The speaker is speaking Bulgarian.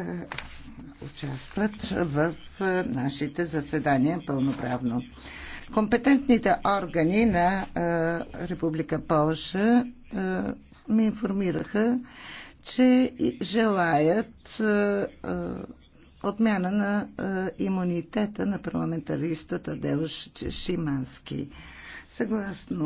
Е, участват в е, нашите заседания пълноправно. Компетентните органи на е, Република Полша ме информираха, че желаят отмяна на имунитета на парламентаристата Делш Шимански. Съгласно